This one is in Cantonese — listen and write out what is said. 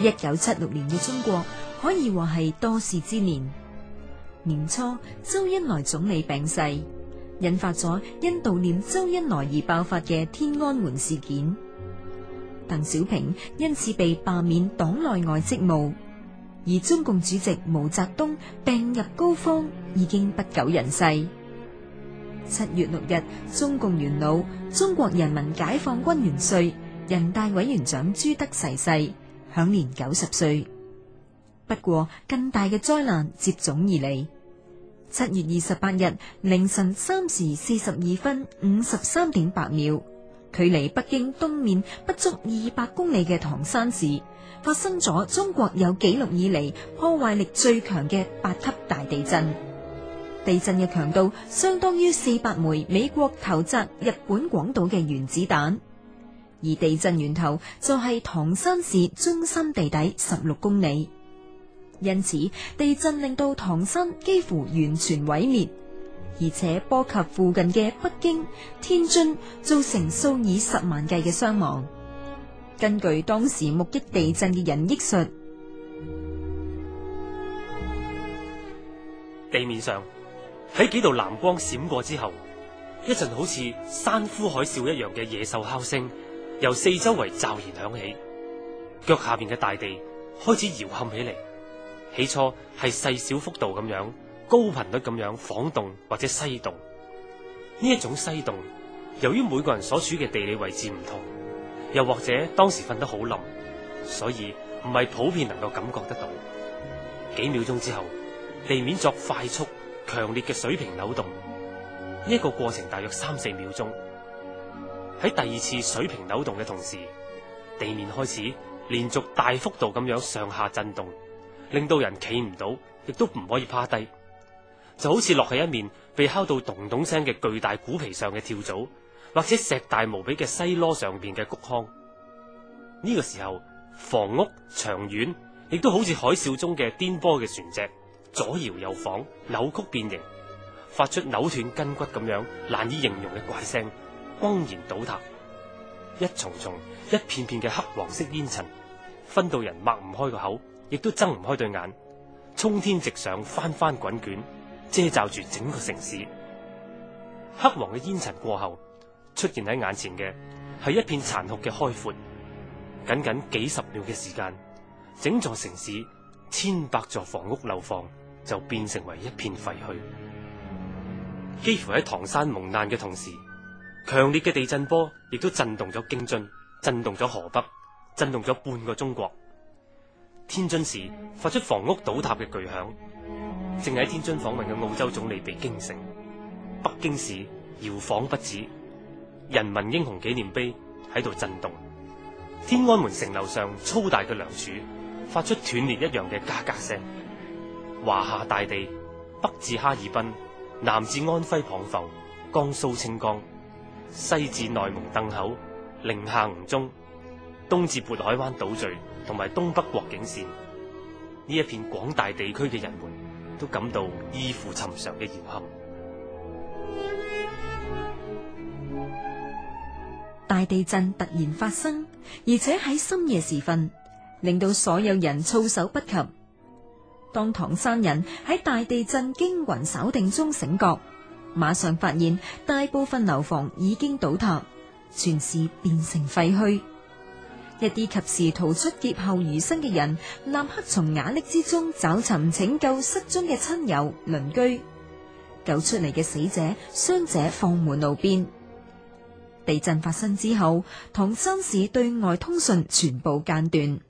一九七六年嘅中國可以話係多事之年。年初，周恩來總理病逝，引發咗因悼念周恩來而爆發嘅天安門事件。鄧小平因此被罷免黨內外職務，而中共主席毛澤東病入膏肓，已經不久人世。七月六日，中共元老、中國人民解放軍元帥、人大委員長朱德逝世。享年九十歲，不過更大嘅災難接踵而嚟。七月二十八日凌晨三時四十二分五十三點八秒，距離北京東面不足二百公里嘅唐山市，發生咗中國有紀錄以嚟破壞力最強嘅八級大地震。地震嘅強度相當於四百枚美國投擲日本廣島嘅原子彈。而地震源頭就係唐山市中心地底十六公里，因此地震令到唐山幾乎完全毀滅，而且波及附近嘅北京、天津，造成數以十萬計嘅傷亡。根據當時目擊地震嘅人憶述，地面上喺幾道藍光閃過之後，一陣好似山呼海嘯一樣嘅野獸叫聲，由四周圍驟然響起，腳下邊嘅大地開始搖撼起嚟。起初係細小幅度咁樣、高頻率咁樣晃動或者西動。呢一種西動，由於每個人所處嘅地理位置唔同，又或者當時瞓得好冧，所以唔係普遍能夠感覺得到。幾秒鐘之後，地面作快速、強烈嘅水平扭動。呢個過程大約三四秒鐘。喺第二次水平扭動嘅同時，地面開始連續大幅度咁樣上下震動，令到人企唔到，亦都唔可以趴低，就好似落喺一面被敲到咚咚聲嘅巨大鼓皮上嘅跳蚤，或者石大無比嘅西羅上面嘅穀糠。呢、這個時候，房屋、牆院亦都好似海嘯中嘅顛簸嘅船隻，左搖右晃，扭曲變形，發出扭斷筋骨咁樣難以形容嘅怪聲。轟然倒塌，一重重一片片嘅黑黃色煙塵，燻到人擘唔開個口，亦都睜唔開對眼，衝天直上，翻翻滾捲，遮罩住整個城市。黑黃嘅煙塵過後，出現喺眼前嘅係一片殘酷嘅開闊。僅僅幾十秒嘅時間，整座城市千百座房屋樓房就變成為一片廢墟。幾乎喺唐山蒙難嘅同時。強烈嘅地震波亦都震動咗京津，震動咗河北，震動咗半個中國。天津市發出房屋倒塌嘅巨響，正喺天津訪問嘅澳洲總理被驚醒。北京市搖晃不止，人民英雄紀念碑喺度震動，天安門城樓上粗大嘅梁柱發出斷裂一樣嘅嘎嘎聲。華夏大地，北至哈爾濱，南至安徽蚌埠、江蘇清江。西至內蒙磴口、寧夏吳忠，東至渤海灣島嶼同埋東北國境線，呢一片廣大地區嘅人們都感到異乎尋常嘅搖撼。大地震突然發生，而且喺深夜時分，令到所有人措手不及。當唐山人喺大地震驚魂稍定中醒覺，馬上發現大部分樓房已經倒塌，全市變成廢墟。一啲及時逃出劫後餘生嘅人，立刻從瓦礫之中找尋拯救失蹤嘅親友鄰居。救出嚟嘅死者、傷者放喺路邊。地震發生之後，唐山市對外通訊全部間斷。